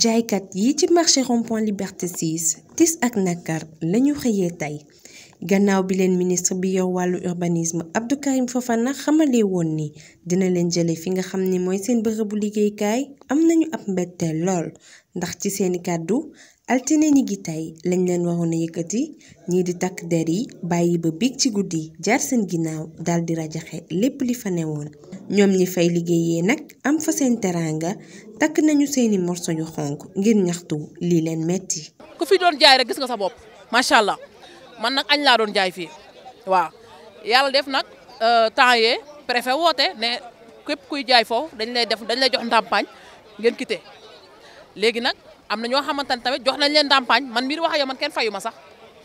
jaaykat yi ci marché rond-point Liberté 6 tis ak nakar lañu xëyee tey gannaaw bi leen ministre bi yor wàllu urbanisme Abdou Karim Fofana xamale woon ni dina leen jële fi nga xam ni mooy seen bërëbu liggéeykaay am nañu ab mbetteel lool ndax ci seeni kàddu altine ni gi tey lañ leen waroon a yëkkati ñii di takk der yi bàyyi ba biig ci guddi jaar seen ginnaaw daal di rajaxe lépp li fa newoon ñoom ñi fay liggéeyee nag am fa seen teraanga takk nañu seeni morso yu xonk ngir ñaxtu lii leen metti ku fi doon jaay rek gis nga sa bopp macha allah man nag añ laa doon jaay fii waaw yàlla def nag euh, temps yee préfet woote ne képp kuy jaay foofu dañ lay def dañ lay jox ndàmpaañ ngeen quitté léegi nag am na ñoo xamante ne tamit jox nañ leen ndàmpaañ man mbir wax ak yow man kenn fayu sax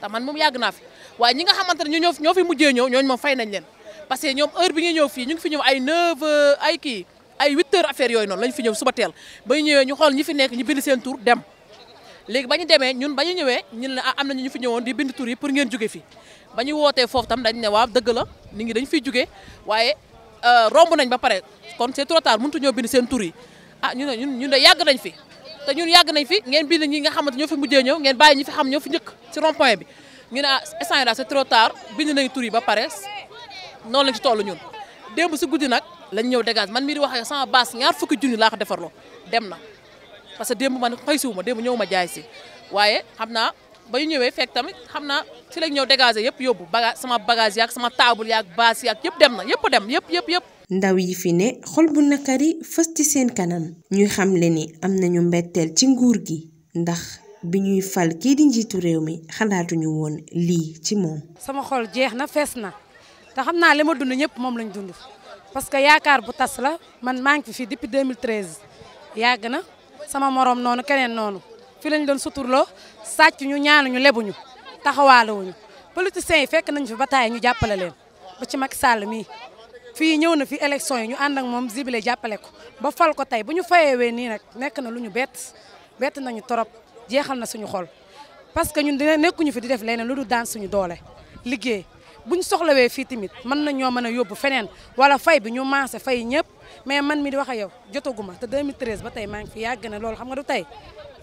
te man moom yàgg naa fi waaye ñi nga xamante ne ñoo fi mujjee ñëw ñooñu moom fay nañ leen parce que ñoom heure bi ñuy ñëw fi ñu ngi fi ñëw ay 9 ay kii ay 8 heures affaire yooyu noonu lañ fi ñëw suba teel ba ñu ñëwee ñu xool ñi fi ñu bind seen tur dem léegi ba ñun ba ñëwee ñun ne ah am nañu ñu fi ñëwoon di bind tur yi pour ngeen jóge fi ba ñu wootee foofu tam dañ ne waaw dëgg la nit ñi dañ fiy jóge waaye euh, romb nañ ba pare kon c'est trop tard mënutu ñoo bind seen tur ah ñu ne ñun ñun de yàgg nañ fi te ñun yàgg nañ fi ngeen bind ñi nga xamante ñoo fi mujjee ñëw ngeen bàyyi ñi fi xam ñoo fi ñëkk ci rond bi ñu ne ah instant yi daal c'est trop bind nañ tur ba pare noonu lañ ci toll ñun démb si guddi nag lañ ñëw dégage man mii di wax sama baas ñaar fukki junni laa ko defarloo dem na parce que démb man xëy siwu ma démb ñëw ma jaay si waaye xam naa ba ñu ñëwee fekk tamit xam naa si lañ ñëw dégagé yëpp yóbbu bagage sama bagage yaag sama taabul yaag baas yaag yëpp dem na yëpp dem yëpp yëpp yëpp ndaw yi fi ne xol bu nakari fas ci seen kanam ñuy xamle ni am nañu mbetteel ci nguur gi ndax bi ñuy fal kii di njiitu réew mi xalaatuñu woon lii ci moom sama xol jeex na fees na te xam naa li ma dund ñëpp moom ñu dund parce que yaakaar bu tas la man maa ngi fi fii depuis 2013 yàgg na sama morom noonu keneen noonu fi lañ doon suturloo sàcc ñu ñu ñaanuñu lebuñu taxawaalewuñu politiciens yi fekk nañ fi ba taay ñu jàppale leen ba ci Macky Sall mii fii ñëw na fii élection yi ñu ànd ak moom zibile jàppale ko ba fal ko tey bu ñu fayewee nii nag nekk na lu ñu bett bett nañu torop jeexal na suñu xol parce que ñun dina nekkuñu fi di def leneen lu dul daan suñu doole liggéey buñ soxlawee fii tamit mën na ñoo mën a yóbbu feneen wala fay bi ñu maase fay ñëpp mais man mi di wax ak yow jotaguma te 2013 ba tey maa ngi fi yàgg na loolu xam nga du tey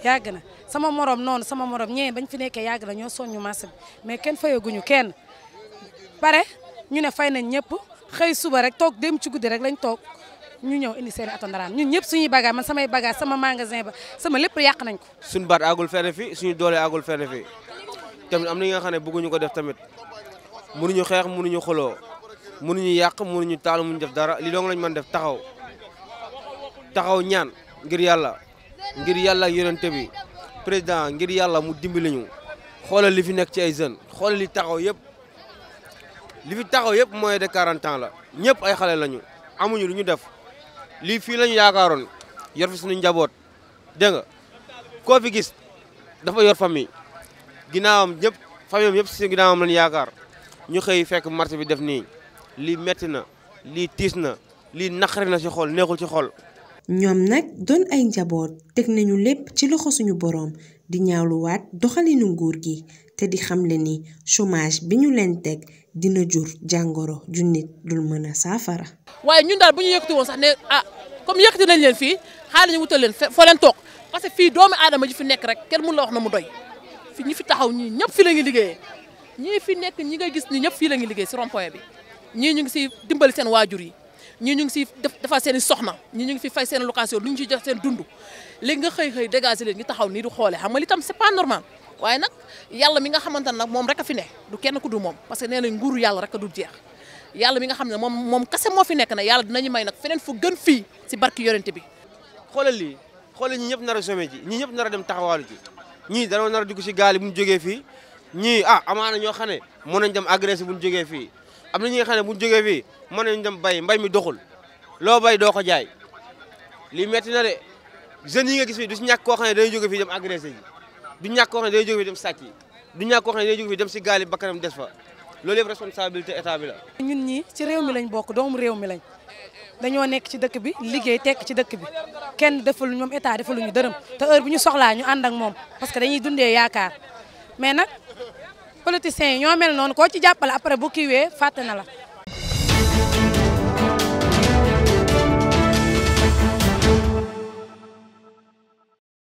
yàgg na sama morom noonu sama morom ñee bañ fi nekkee yàgg na ñoo ñu maase bi mais kenn fayaguñu kenn bare ñu ne fay nañ ñëpp xëy suba rek toog dem ci guddi rek lañ toog ñu ñëw indi seen i ato ndaraan ñun ñëpp suñuy bagage man samay bagage sama magasin ba sama lépp yàq nañ ko. suñu baat agul fenn suñu doole agul fenn fi tamit am na ñi xam ne bëgguñu ko def tamit mënuñu xex mënuñu xolo mënuñu yaq mënuñu taal mënuñu def dara li doon lañ man def taxaw taxaw ñaan ngir yalla ngir yalla ak yoonte bi president ngir yalla mu dimbali ñu li fi nek ci ay jeune xolal li taxaw yeb li fi taxaw yeb moy de 40 ans la ñepp ay xalé lañu amuñu luñu def li fi lañu yaakaaron yor fi suñu njabot de nga ko fi gis dafa yor fami ginaawam ñepp famille ñepp yëpp ginaawam lañu yaakaar ñu xëy fekk marché bi def nii lii metti na lii tiis na lii naqari na ci xol neexul ci xol. ñoom nag doon ay njaboot teg nañu lépp ci loxo suñu boroom di ñaawluwaat doxalinu nguur gi te di xamle ni chômage bi ñu leen teg dina jur jàngoro ju nit dul mën a saafara. waaye ñun daal bu ñu yëkkati woon sax ne ah comme yëkkati nañ leen fii xaaral ñu wutal leen foo leen toog parce que fii doomu aadama ji fi nekk rek kenn mun la wax na mu doy fi ñi fi taxaw ñii ñëpp fi la ñuy liggéeyee. ñii fi nekk ñi nga gis ni ñëpp fii la ngi liggéey si rond-point bi ñii ñu ngi si dimbali seen waajur yi ñii ñu ngi si defal seen soxna ñii ñu ngi fi fay seen location lu ñu ci jox seen dund léegi nga xëy xëy dégager leen ñu taxaw nii du xoolee xam nga li tam c'est pas normal waaye nag yàlla nga xamante ne moom rek a fi ne du kenn ku du moom parce que nee nañ nguuru yàlla rek a dul jeex yàlla mi nga xam ne moom moom kese moo fi nekk nag yàlla dinañu may nag feneen fu gën fi si barki yorente bi xoolal lii xoolal ñi ñëpp nar a somé ji ñi ñëpp nar a dem taxawaalu ji ñii danoo nar a dugg si gaal yi bu ñu fii ñii ah amaana ñoo xam ne mën nañ dem agressé bu ñu jógee fii am na ñi nga xam ne bu ñu jógee fii mën nañ dem bay mbay mi doxul loo bay doo ko jaay lii metti na de jeunes yi nga gis fii du si ñàkk koo xam ne day jóge fii dem agressé ji du ñàkk koo day jóge fii dem sàcc yi du ñàkk koo ne day jóge fii dem si gaal yi bakkanam des fa loolu yëpp responsabilité état bi la. ñun ñii ci réew mi lañ bokk doomu réew mi lañ dañoo nekk ci dëkk bi liggéey tekk ci dëkk bi kenn defaluñ moom état defaluñu dërëm te bu ñu soxlaa ñu ànd ak moom parce que dañuy dundee yaakaar mais nag politiciens yi ñoo mel noonu koo ci jàppale après bu kiiwee fàtte na la.